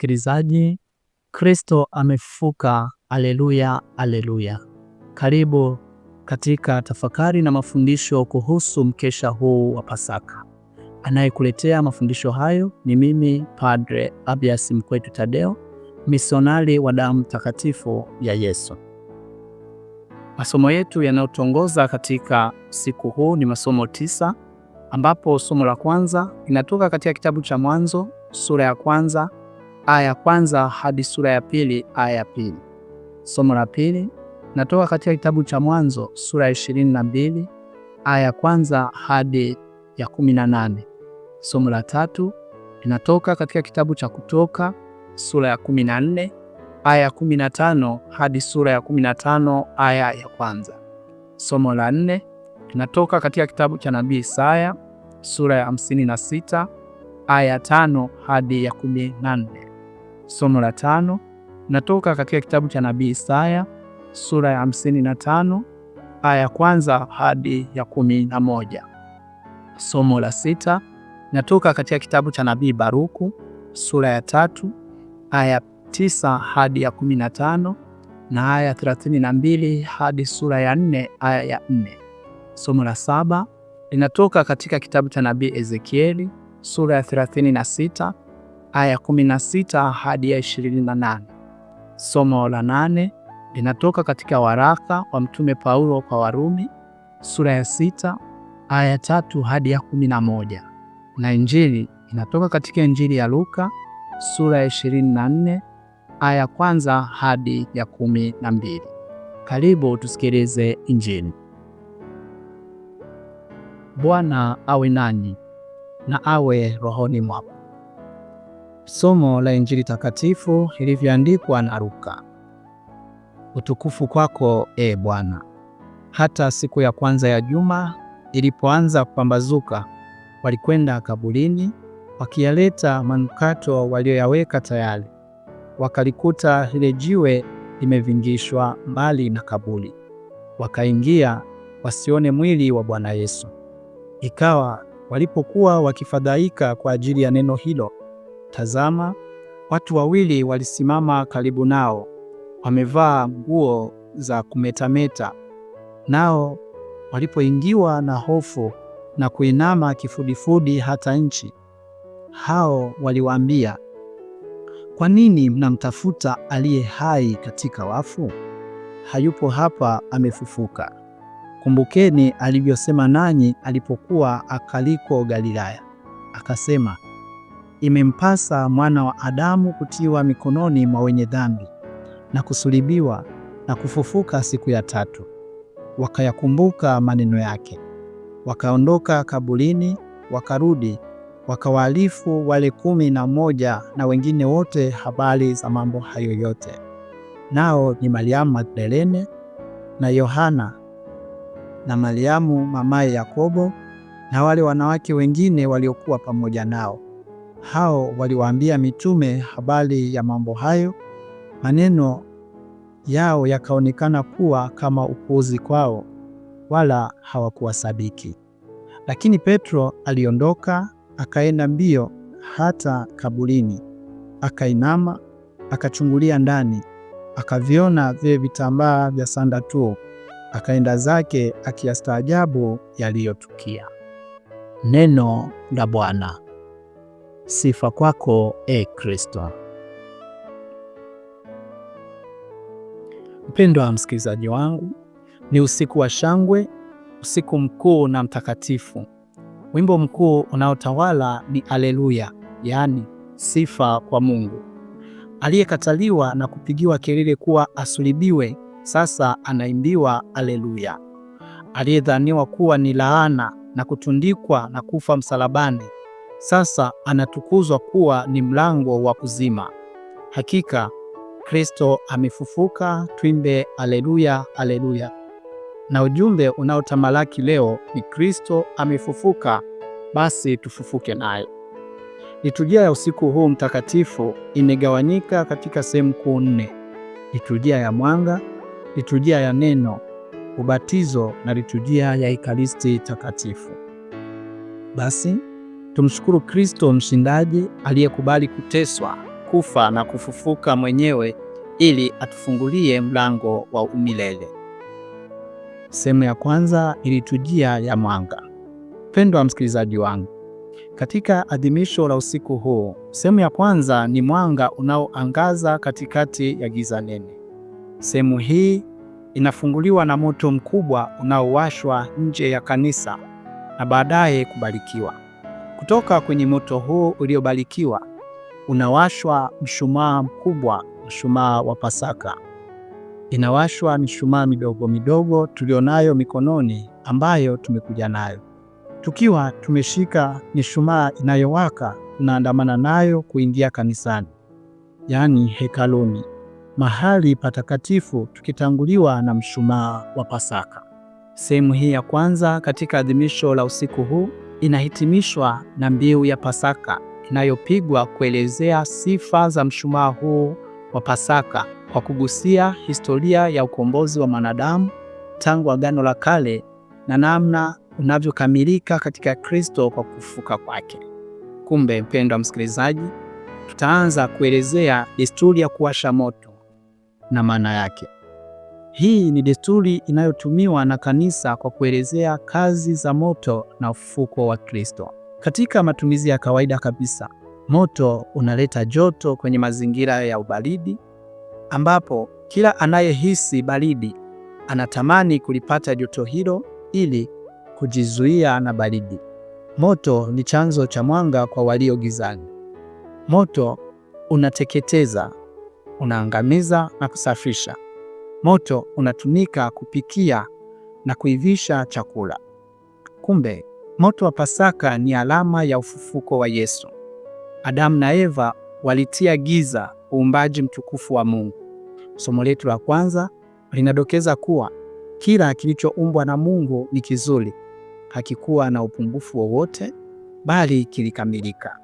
msikilizaji, Kristo amefufuka. Aleluya, aleluya! Karibu katika tafakari na mafundisho kuhusu mkesha huu wa Pasaka. Anayekuletea mafundisho hayo ni mimi Padre Abias Mkwetu Tadeo, misionari wa damu takatifu ya Yesu. Masomo yetu yanayotongoza katika siku huu ni masomo tisa, ambapo somo la kwanza linatoka katika kitabu cha Mwanzo sura ya kwanza aya ya kwanza hadi sura ya pili aya ya pili. Somo la pili natoka katika kitabu cha Mwanzo sura ya ishirini na mbili aya ya kwanza hadi ya kumi na nane. Somo la tatu linatoka katika kitabu cha Kutoka sura ya kumi na nne aya ya kumi na tano hadi sura ya kumi na tano aya ya kwanza. Somo la nne linatoka katika kitabu cha nabii Isaya sura ya hamsini na sita aya ya tano hadi ya kumi na nne. Somo la tano natoka katika kitabu cha nabii Isaya sura ya hamsini na tano aya ya kwanza hadi ya kumi na moja. Somo la sita natoka katika kitabu cha nabii Baruku sura ya tatu aya ya tisa hadi ya kumi na tano na aya thelathini na mbili hadi sura ya nne aya ya nne. Somo la saba linatoka katika kitabu cha nabii Ezekieli sura ya thelathini na sita aya 16 hadi ya 28. Somo la nane linatoka katika waraka wa Mtume Paulo kwa Warumi sura ya sita aya tatu hadi ya 11, na injili inatoka katika Injili ya Luka sura ya 24 aya ya kwanza hadi ya kumi na mbili Karibu tusikilize Injili. Bwana awe nani na awe rohoni mwako Somo la Injili takatifu ilivyoandikwa na Luka. Utukufu kwako e Bwana. Hata siku ya kwanza ya juma ilipoanza kupambazuka, walikwenda kaburini wakiyaleta manukato walioyaweka tayari. Wakalikuta lile jiwe limevingishwa mbali na kaburi, wakaingia wasione mwili wa Bwana Yesu. Ikawa walipokuwa wakifadhaika kwa ajili ya neno hilo Tazama, watu wawili walisimama karibu nao, wamevaa nguo za kumetameta. Nao walipoingiwa na hofu na kuinama kifudifudi hata nchi, hao waliwaambia, kwa nini mnamtafuta aliye hai katika wafu? Hayupo hapa, amefufuka. Kumbukeni alivyosema nanyi alipokuwa akaliko Galilaya, akasema imempasa mwana wa Adamu kutiwa mikononi mwa wenye dhambi na kusulibiwa na kufufuka siku ya tatu. Wakayakumbuka maneno yake, wakaondoka kaburini, wakarudi wakawaalifu wale kumi na moja na wengine wote habari za mambo hayo yote. Nao ni Mariamu Magdalene na Yohana na Mariamu mamaye Yakobo na wale wanawake wengine waliokuwa pamoja nao hao waliwaambia mitume habari ya mambo hayo, maneno yao yakaonekana kuwa kama upuzi kwao, wala hawakuwasadiki. Lakini Petro aliondoka akaenda mbio hata kaburini, akainama akachungulia ndani, akaviona vile vitambaa vya sanda tu, akaenda zake akiyastaajabu yaliyotukia. Neno la Bwana. Sifa kwako e Kristo. Mpendwa wa msikilizaji wangu, ni usiku wa shangwe, usiku mkuu na mtakatifu. Wimbo mkuu unaotawala ni Aleluya, yaani sifa kwa Mungu aliyekataliwa na kupigiwa kelele kuwa asulibiwe, sasa anaimbiwa Aleluya. Aliyedhaniwa kuwa ni laana na kutundikwa na kufa msalabani sasa anatukuzwa kuwa ni mlango wa kuzima. Hakika Kristo amefufuka, twimbe aleluya, aleluya. Na ujumbe unaotamalaki leo ni Kristo amefufuka, basi tufufuke naye. Liturujia ya usiku huu mtakatifu imegawanyika katika sehemu kuu nne: liturujia ya mwanga, liturujia ya neno, ubatizo na liturujia ya Ekaristi Takatifu. Basi Tumshukuru Kristo mshindaji aliyekubali kuteswa, kufa na kufufuka mwenyewe ili atufungulie mlango wa umilele. Sehemu ya kwanza ilitujia ya mwanga. Pendwa msikilizaji wangu, katika adhimisho la usiku huu, sehemu ya kwanza ni mwanga unaoangaza katikati ya giza nene. Sehemu hii inafunguliwa na moto mkubwa unaowashwa nje ya kanisa na baadaye kubarikiwa. Kutoka kwenye moto huu uliobarikiwa unawashwa mshumaa mkubwa, mshumaa wa Pasaka. Inawashwa mishumaa midogo midogo tulionayo mikononi ambayo tumekuja nayo tukiwa tumeshika mishumaa inayowaka, tunaandamana nayo kuingia kanisani, yaani hekaluni, mahali patakatifu, tukitanguliwa na mshumaa wa Pasaka. Sehemu hii ya kwanza katika adhimisho la usiku huu inahitimishwa na mbiu ya Pasaka inayopigwa kuelezea sifa za mshumaa huu wa Pasaka kwa kugusia historia ya ukombozi wa mwanadamu tangu Agano la Kale na namna unavyokamilika katika Kristo kwa kufuka kwake. Kumbe mpendwa msikilizaji, tutaanza kuelezea desturi ya kuwasha moto na maana yake. Hii ni desturi inayotumiwa na kanisa kwa kuelezea kazi za moto na ufuko wa Kristo. Katika matumizi ya kawaida kabisa, moto unaleta joto kwenye mazingira ya ubaridi, ambapo kila anayehisi baridi anatamani kulipata joto hilo ili kujizuia na baridi. Moto ni chanzo cha mwanga kwa walio gizani. Moto unateketeza, unaangamiza na kusafisha. Moto unatumika kupikia na kuivisha chakula. Kumbe moto wa Pasaka ni alama ya ufufuko wa Yesu. Adamu na Eva walitia giza uumbaji mtukufu wa Mungu. Somo letu la kwanza linadokeza kuwa kila kilichoumbwa na Mungu ni kizuri, hakikuwa na upungufu wowote, bali kilikamilika.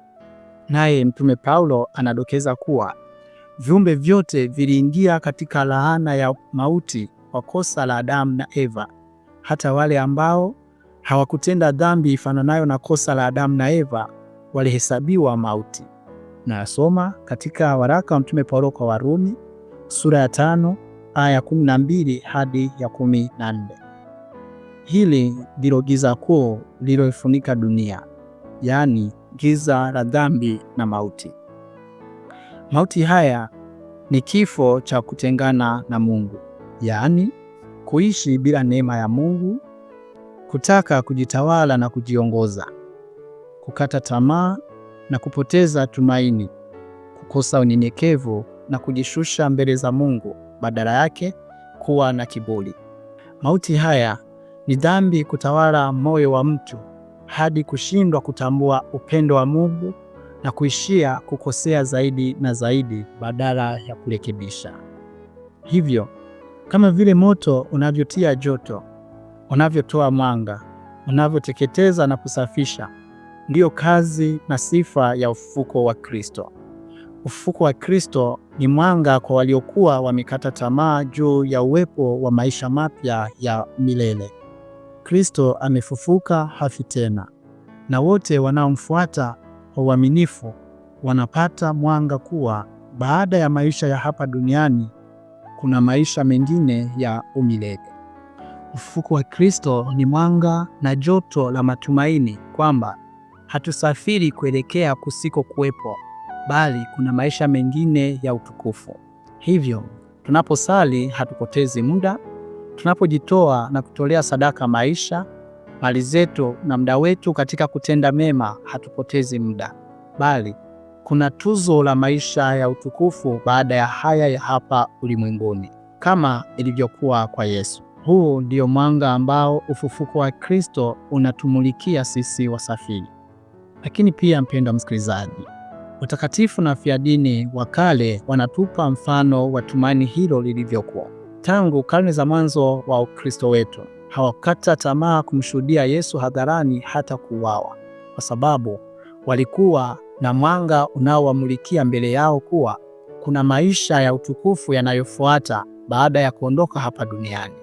Naye Mtume Paulo anadokeza kuwa viumbe vyote viliingia katika laana ya mauti kwa kosa la Adamu na Eva, hata wale ambao hawakutenda dhambi ifananayo na kosa la Adamu na Eva walihesabiwa mauti. Na asoma katika waraka wa Mtume Paulo kwa Warumi sura ya tano aya ya kumi na mbili hadi ya kumi na nne. Hili ndilo giza kuu lilofunika dunia, yaani giza la dhambi na mauti. Mauti haya ni kifo cha kutengana na Mungu, yaani kuishi bila neema ya Mungu, kutaka kujitawala na kujiongoza, kukata tamaa na kupoteza tumaini, kukosa unyenyekevu na kujishusha mbele za Mungu, badala yake kuwa na kiburi. Mauti haya ni dhambi kutawala moyo wa mtu hadi kushindwa kutambua upendo wa Mungu na kuishia kukosea zaidi na zaidi badala ya kurekebisha. Hivyo, kama vile moto unavyotia joto, unavyotoa mwanga, unavyoteketeza na kusafisha, ndiyo kazi na sifa ya ufufuko wa Kristo. Ufufuko wa Kristo ni mwanga kwa waliokuwa wamekata tamaa juu ya uwepo wa maisha mapya ya milele. Kristo amefufuka, hafi tena, na wote wanaomfuata kwa uaminifu wanapata mwanga kuwa baada ya maisha ya hapa duniani kuna maisha mengine ya umilele. Ufufuko wa Kristo ni mwanga na joto la matumaini kwamba hatusafiri kuelekea kusiko kuwepo, bali kuna maisha mengine ya utukufu. Hivyo tunaposali hatupotezi muda, tunapojitoa na kutolea sadaka maisha mali zetu na muda wetu katika kutenda mema, hatupotezi muda, bali kuna tuzo la maisha ya utukufu baada ya haya ya hapa ulimwenguni, kama ilivyokuwa kwa Yesu. Huu ndio mwanga ambao ufufuko wa Kristo unatumulikia sisi wasafiri. Lakini pia, mpendwa msikilizaji, watakatifu na wafiadini wa kale wanatupa mfano wa tumaini hilo lilivyokuwa tangu karne za mwanzo wa Ukristo wetu hawakata tamaa kumshuhudia Yesu hadharani hata kuuawa, kwa sababu walikuwa na mwanga unaowamulikia mbele yao kuwa kuna maisha ya utukufu yanayofuata baada ya kuondoka hapa duniani.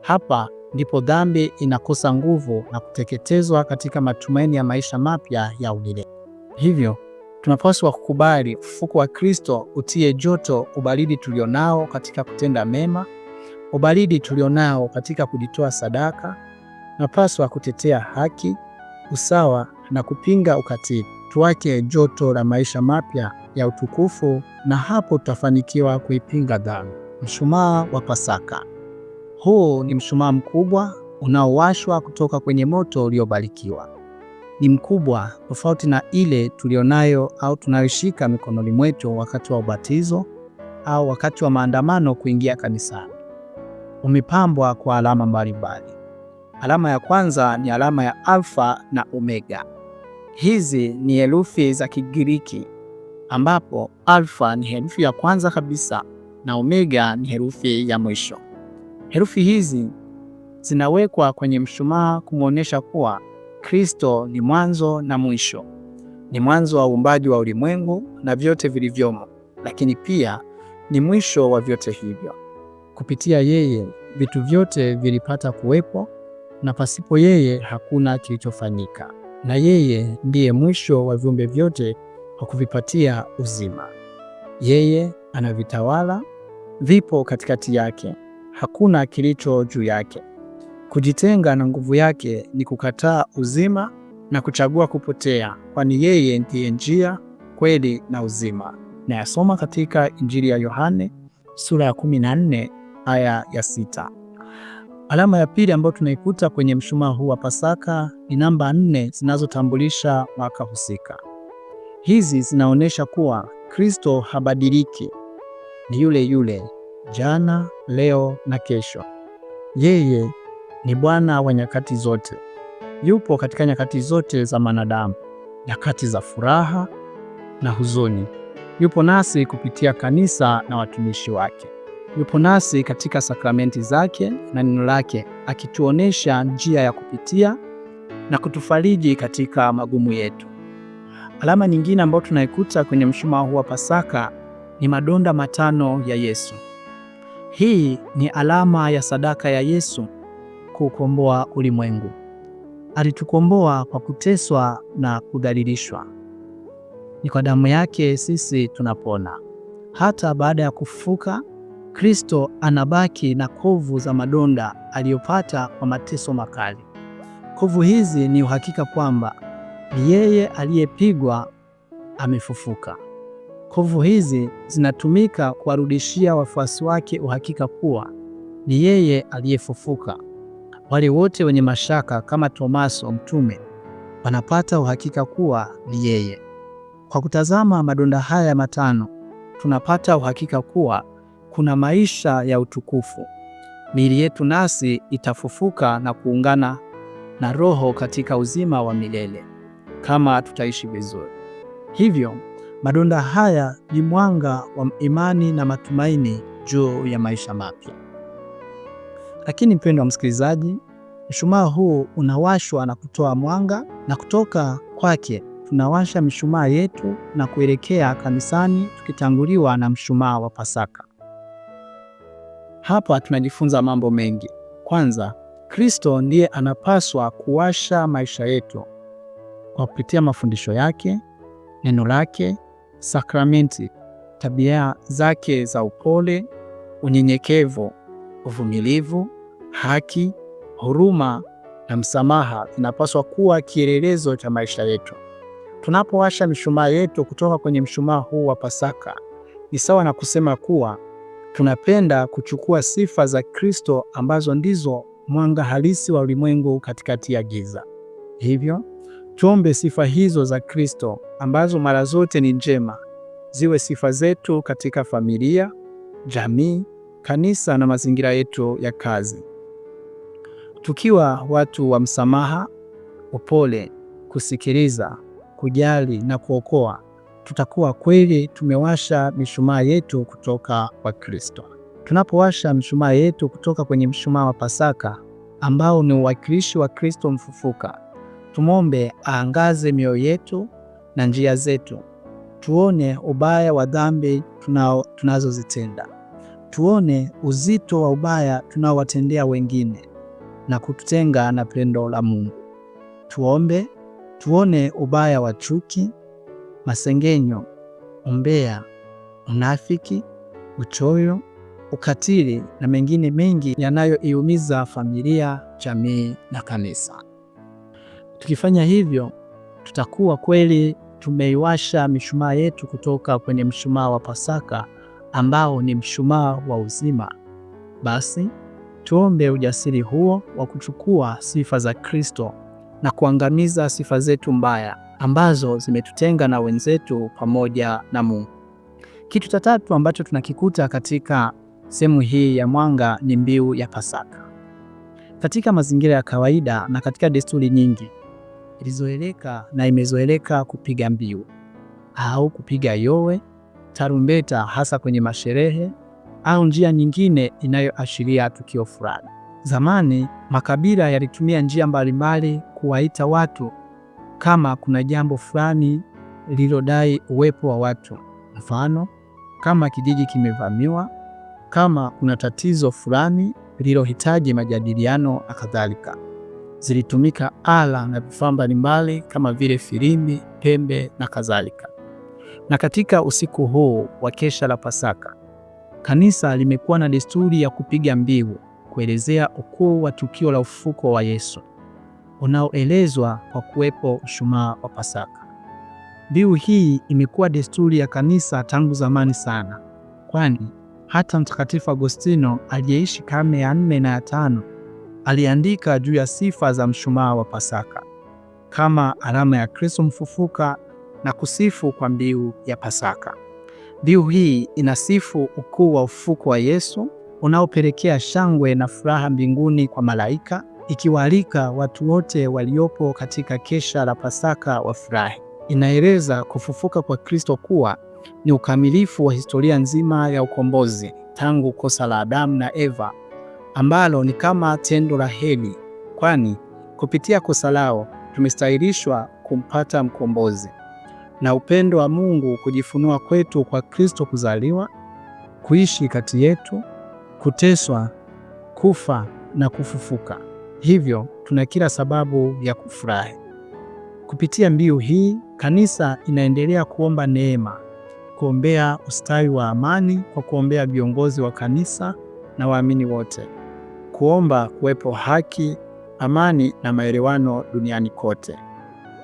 Hapa ndipo dhambi inakosa nguvu na kuteketezwa katika matumaini ya maisha mapya ya umilele. Hivyo tunapaswa kukubali ufufuko wa Kristo utie joto ubaridi tulionao katika kutenda mema Ubaridi tulionao katika kujitoa sadaka, napaswa kutetea haki, usawa na kupinga ukatili. Tuwake joto la maisha mapya ya utukufu, na hapo tutafanikiwa kuipinga dhambi. Mshumaa wa Pasaka. Huu ni mshumaa mkubwa unaowashwa kutoka kwenye moto uliobarikiwa. Ni mkubwa tofauti na ile tulionayo au tunayoshika mikononi mwetu wakati wa ubatizo au wakati wa maandamano kuingia kanisani umepambwa kwa alama mbalimbali. Alama ya kwanza ni alama ya alfa na omega. Hizi ni herufi za Kigiriki ambapo alfa ni herufi ya kwanza kabisa na omega ni herufi ya mwisho. Herufi hizi zinawekwa kwenye mshumaa kumwonyesha kuwa Kristo ni mwanzo na mwisho, ni mwanzo wa uumbaji wa ulimwengu na vyote vilivyomo, lakini pia ni mwisho wa vyote hivyo. Kupitia yeye vitu vyote vilipata kuwepo, na pasipo yeye hakuna kilichofanyika, na yeye ndiye mwisho wa viumbe vyote kwa kuvipatia uzima. Yeye anavitawala, vipo katikati yake, hakuna kilicho juu yake. Kujitenga na nguvu yake ni kukataa uzima na kuchagua kupotea, kwani yeye ndiye njia, kweli na uzima. Nayasoma katika Injili ya Yohane sura ya 14 aya ya sita. Alama ya pili ambayo tunaikuta kwenye mshumaa huu wa Pasaka ni namba nne zinazotambulisha mwaka husika. Hizi zinaonyesha kuwa Kristo habadiliki, ni yule yule jana, leo na kesho. Yeye ni Bwana wa nyakati zote, yupo katika nyakati zote za manadamu, nyakati za furaha na huzuni. Yupo nasi kupitia kanisa na watumishi wake yupo nasi katika sakramenti zake na neno lake, akituonesha njia ya kupitia na kutufariji katika magumu yetu. Alama nyingine ambayo tunaikuta kwenye mshumaa huu wa Pasaka ni madonda matano ya Yesu. Hii ni alama ya sadaka ya Yesu kuukomboa ulimwengu. Alitukomboa kwa kuteswa na kudhalilishwa. Ni kwa damu yake sisi tunapona hata baada ya kufufuka. Kristo anabaki na kovu za madonda aliyopata kwa mateso makali. Kovu hizi ni uhakika kwamba yeye aliyepigwa amefufuka. Kovu hizi zinatumika kuwarudishia wafuasi wake uhakika kuwa ni yeye aliyefufuka. Wale wote wenye mashaka kama Tomaso mtume wanapata uhakika kuwa ni yeye. Kwa kutazama madonda haya matano tunapata uhakika kuwa kuna maisha ya utukufu. Miili yetu nasi itafufuka na kuungana na Roho katika uzima wa milele kama tutaishi vizuri. Hivyo madonda haya ni mwanga wa imani na matumaini juu ya maisha mapya. Lakini mpendwa msikilizaji, mshumaa huu unawashwa na kutoa mwanga, na kutoka kwake tunawasha mishumaa yetu na kuelekea kanisani, tukitanguliwa na mshumaa wa Pasaka. Hapa tunajifunza mambo mengi. Kwanza, Kristo ndiye anapaswa kuwasha maisha yetu kwa kupitia mafundisho yake, neno lake, sakramenti, tabia zake za upole, unyenyekevu, uvumilivu, haki, huruma na msamaha zinapaswa kuwa kielelezo cha maisha yetu. Tunapowasha mishumaa yetu kutoka kwenye mshumaa huu wa Pasaka, ni sawa na kusema kuwa tunapenda kuchukua sifa za Kristo ambazo ndizo mwanga halisi wa ulimwengu katikati ya giza. Hivyo tuombe sifa hizo za Kristo ambazo mara zote ni njema ziwe sifa zetu katika familia, jamii, kanisa na mazingira yetu ya kazi, tukiwa watu wa msamaha, upole, kusikiliza, kujali na kuokoa tutakuwa kweli tumewasha mishumaa yetu kutoka kwa Kristo. Tunapowasha mishumaa yetu kutoka kwenye mshumaa wa Pasaka ambao ni uwakilishi wa Kristo mfufuka, tumwombe aangaze mioyo yetu na njia zetu, tuone ubaya wa dhambi tunazozitenda, tuone uzito wa ubaya tunaowatendea wengine na kututenga na pendo la Mungu. Tuombe tuone ubaya wa chuki masengenyo, umbea, unafiki, uchoyo, ukatili na mengine mengi yanayoiumiza familia, jamii na kanisa. Tukifanya hivyo, tutakuwa kweli tumeiwasha mishumaa yetu kutoka kwenye mshumaa wa Pasaka ambao ni mshumaa wa uzima. Basi tuombe ujasiri huo wa kuchukua sifa za Kristo na kuangamiza sifa zetu mbaya ambazo zimetutenga na wenzetu pamoja na Mungu. Kitu cha tatu ambacho tunakikuta katika sehemu hii ya mwanga ni mbiu ya Pasaka. Katika mazingira ya kawaida na katika desturi nyingi ilizoeleka na imezoeleka kupiga mbiu au kupiga yowe, tarumbeta, hasa kwenye masherehe au njia nyingine inayoashiria tukio fulani. Zamani makabila yalitumia njia mbalimbali kuwaita watu kama kuna jambo fulani lililodai uwepo wa watu, mfano kama kijiji kimevamiwa, kama kuna tatizo fulani lililohitaji majadiliano na kadhalika. Zilitumika ala na vifaa mbalimbali kama vile filimbi, pembe na kadhalika. Na katika usiku huu wa kesha la Pasaka, kanisa limekuwa na desturi ya kupiga mbiu kuelezea ukuu wa tukio la ufuko wa Yesu unaoelezwa kwa kuwepo mshumaa wa Pasaka. Mbiu hii imekuwa desturi ya kanisa tangu zamani sana, kwani hata Mtakatifu Agostino aliyeishi karne ya nne na ya tano aliandika juu ya sifa za mshumaa wa Pasaka kama alama ya Kristo mfufuka na kusifu kwa mbiu ya Pasaka. Mbiu hii inasifu ukuu wa ufufuko wa Yesu unaopelekea shangwe na furaha mbinguni kwa malaika ikiwaalika watu wote waliopo katika kesha la Pasaka wafurahi. Inaeleza kufufuka kwa Kristo kuwa ni ukamilifu wa historia nzima ya ukombozi tangu kosa la Adamu na Eva, ambalo ni kama tendo la heri, kwani kupitia kosa lao tumestahilishwa kumpata mkombozi. Na upendo wa Mungu kujifunua kwetu kwa Kristo kuzaliwa, kuishi kati yetu, kuteswa, kufa na kufufuka. Hivyo tuna kila sababu ya kufurahi. Kupitia mbiu hii, kanisa inaendelea kuomba neema, kuombea ustawi wa amani kwa kuombea viongozi wa kanisa na waamini wote, kuomba kuwepo haki, amani na maelewano duniani kote.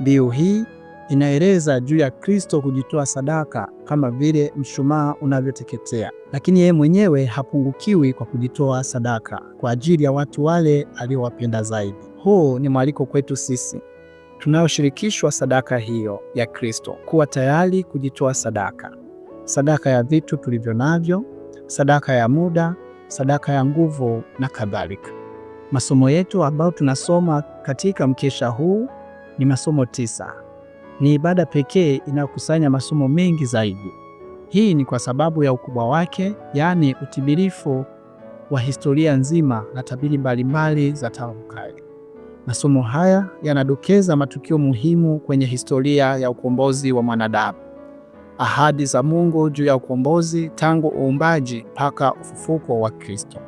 Mbiu hii inaeleza juu ya Kristo kujitoa sadaka kama vile mshumaa unavyoteketea lakini yeye mwenyewe hapungukiwi kwa kujitoa sadaka kwa ajili ya watu wale aliowapenda zaidi. Huu ni mwaliko kwetu sisi tunayoshirikishwa sadaka hiyo ya Kristo, kuwa tayari kujitoa sadaka, sadaka ya vitu tulivyo navyo, sadaka ya muda, sadaka ya nguvu na kadhalika. Masomo yetu ambayo tunasoma katika mkesha huu ni masomo tisa. Ni ibada pekee inayokusanya masomo mengi zaidi. Hii ni kwa sababu ya ukubwa wake, yaani utimilifu wa historia nzima na tabiri mbalimbali za tangu kale. Masomo haya yanadokeza matukio muhimu kwenye historia ya ukombozi wa mwanadamu, ahadi za Mungu juu ya ukombozi tangu uumbaji mpaka ufufuko wa Kristo.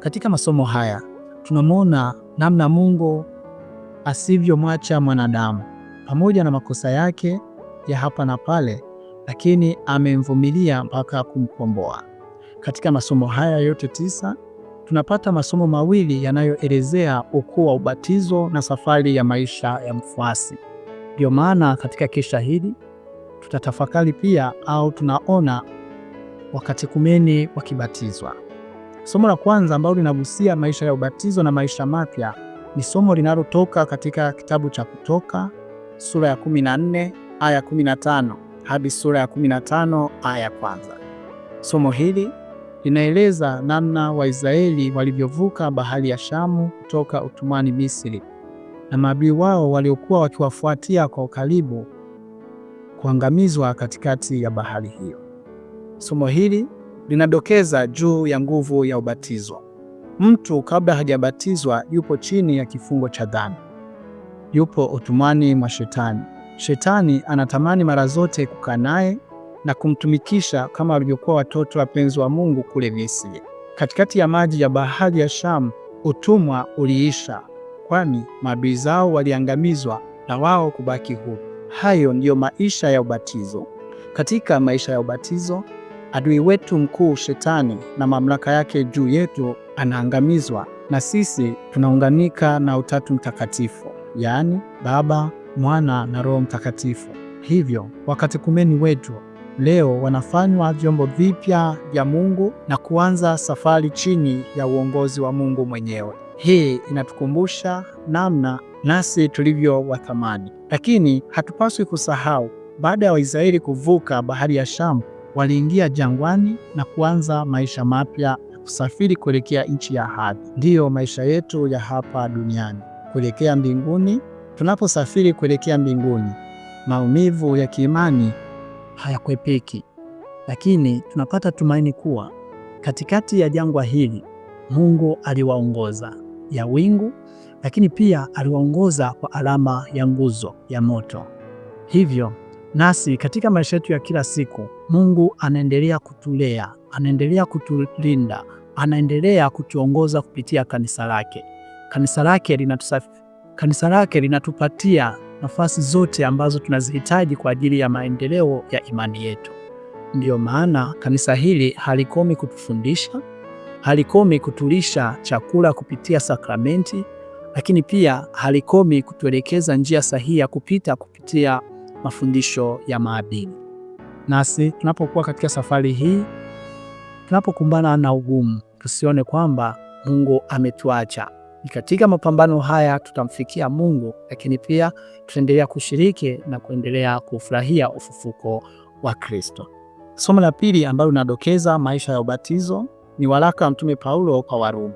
Katika masomo haya tunamwona namna Mungu asivyomwacha mwanadamu pamoja na makosa yake ya hapa na pale, lakini amemvumilia mpaka kumkomboa. Katika masomo haya yote tisa tunapata masomo mawili yanayoelezea ukuu wa ubatizo na safari ya maisha ya mfuasi. ndio maana katika kesha hili tutatafakari pia au tunaona wakati kumeni wakibatizwa. Somo la kwanza ambalo linagusia maisha ya ubatizo na maisha mapya ni somo linalotoka katika kitabu cha Kutoka sura ya 14 aya 15 hadi sura ya 15 aya ya kwanza. Somo hili linaeleza namna Waisraeli walivyovuka bahari ya Shamu kutoka utumwani Misri na maadui wao waliokuwa wakiwafuatia kwa ukaribu kuangamizwa katikati ya bahari hiyo. Somo hili linadokeza juu ya nguvu ya ubatizo. Mtu kabla hajabatizwa yupo chini ya kifungo cha dhambi, yupo utumwani mwa Shetani. Shetani anatamani mara zote kukaa naye na kumtumikisha kama walivyokuwa watoto wapenzi wa Mungu kule Misri. Katikati ya maji ya bahari ya Shamu, utumwa uliisha, kwani maadui zao waliangamizwa na wao kubaki huru. Hayo ndiyo maisha ya ubatizo. Katika maisha ya ubatizo, adui wetu mkuu Shetani na mamlaka yake juu yetu anaangamizwa, na sisi tunaunganika na Utatu Mtakatifu, yaani Baba Mwana na Roho Mtakatifu. Hivyo wakati kumeni wetu leo wanafanywa vyombo vipya vya Mungu na kuanza safari chini ya uongozi wa Mungu mwenyewe. Hii inatukumbusha namna nasi tulivyo wa thamani, lakini hatupaswi kusahau, baada ya Waisraeli kuvuka bahari ya Shamu, waliingia jangwani na kuanza maisha mapya ya kusafiri kuelekea nchi ya ahadi. Ndiyo maisha yetu ya hapa duniani kuelekea mbinguni Tunaposafiri kuelekea mbinguni, maumivu ya kiimani hayakwepeki, lakini tunapata tumaini kuwa katikati ya jangwa hili Mungu aliwaongoza ya wingu, lakini pia aliwaongoza kwa alama ya nguzo ya moto. Hivyo nasi katika maisha yetu ya kila siku, Mungu anaendelea kutulea, anaendelea kutulinda, anaendelea kutuongoza kupitia kanisa lake. Kanisa lake linatusafiri Kanisa lake linatupatia nafasi zote ambazo tunazihitaji kwa ajili ya maendeleo ya imani yetu. Ndiyo maana kanisa hili halikomi kutufundisha, halikomi kutulisha chakula kupitia sakramenti, lakini pia halikomi kutuelekeza njia sahihi ya kupita kupitia mafundisho ya maadili. Nasi tunapokuwa katika safari hii, tunapokumbana na ugumu, tusione kwamba Mungu ametuacha. Ni katika mapambano haya tutamfikia Mungu, lakini pia tutaendelea kushiriki na kuendelea kufurahia ufufuko wa Kristo. Somo la pili ambalo linadokeza maisha ya ubatizo ni waraka wa Mtume Paulo kwa Warumi,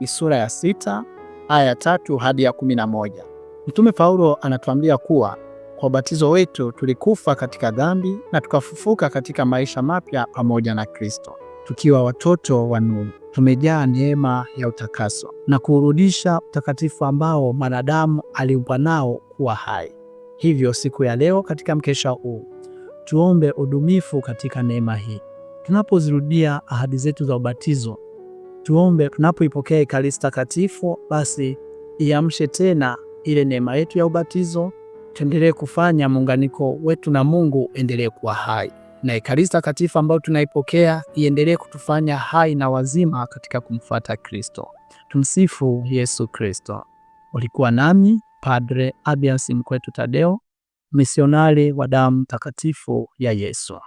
ni sura ya sita aya ya tatu hadi ya kumi na moja. Mtume Paulo anatuambia kuwa kwa ubatizo wetu tulikufa katika dhambi na tukafufuka katika maisha mapya pamoja na Kristo, tukiwa watoto wa nuru tumejaa neema ya utakaso na kuurudisha utakatifu ambao mwanadamu aliumbwa nao kuwa hai. Hivyo siku ya leo katika mkesha huu tuombe udumifu katika neema hii. Tunapozirudia ahadi zetu za ubatizo, tuombe tunapoipokea Ekaristi Takatifu, basi iamshe tena ile neema yetu ya ubatizo, tuendelee kufanya muunganiko wetu na Mungu endelee kuwa hai na Ekaristi Takatifu ambayo tunaipokea iendelee kutufanya hai na wazima katika kumfuata Kristo. Tumsifu Yesu Kristo. Ulikuwa nami Padre Abias Mkwetu Tadeo, misionari wa damu takatifu ya Yesu.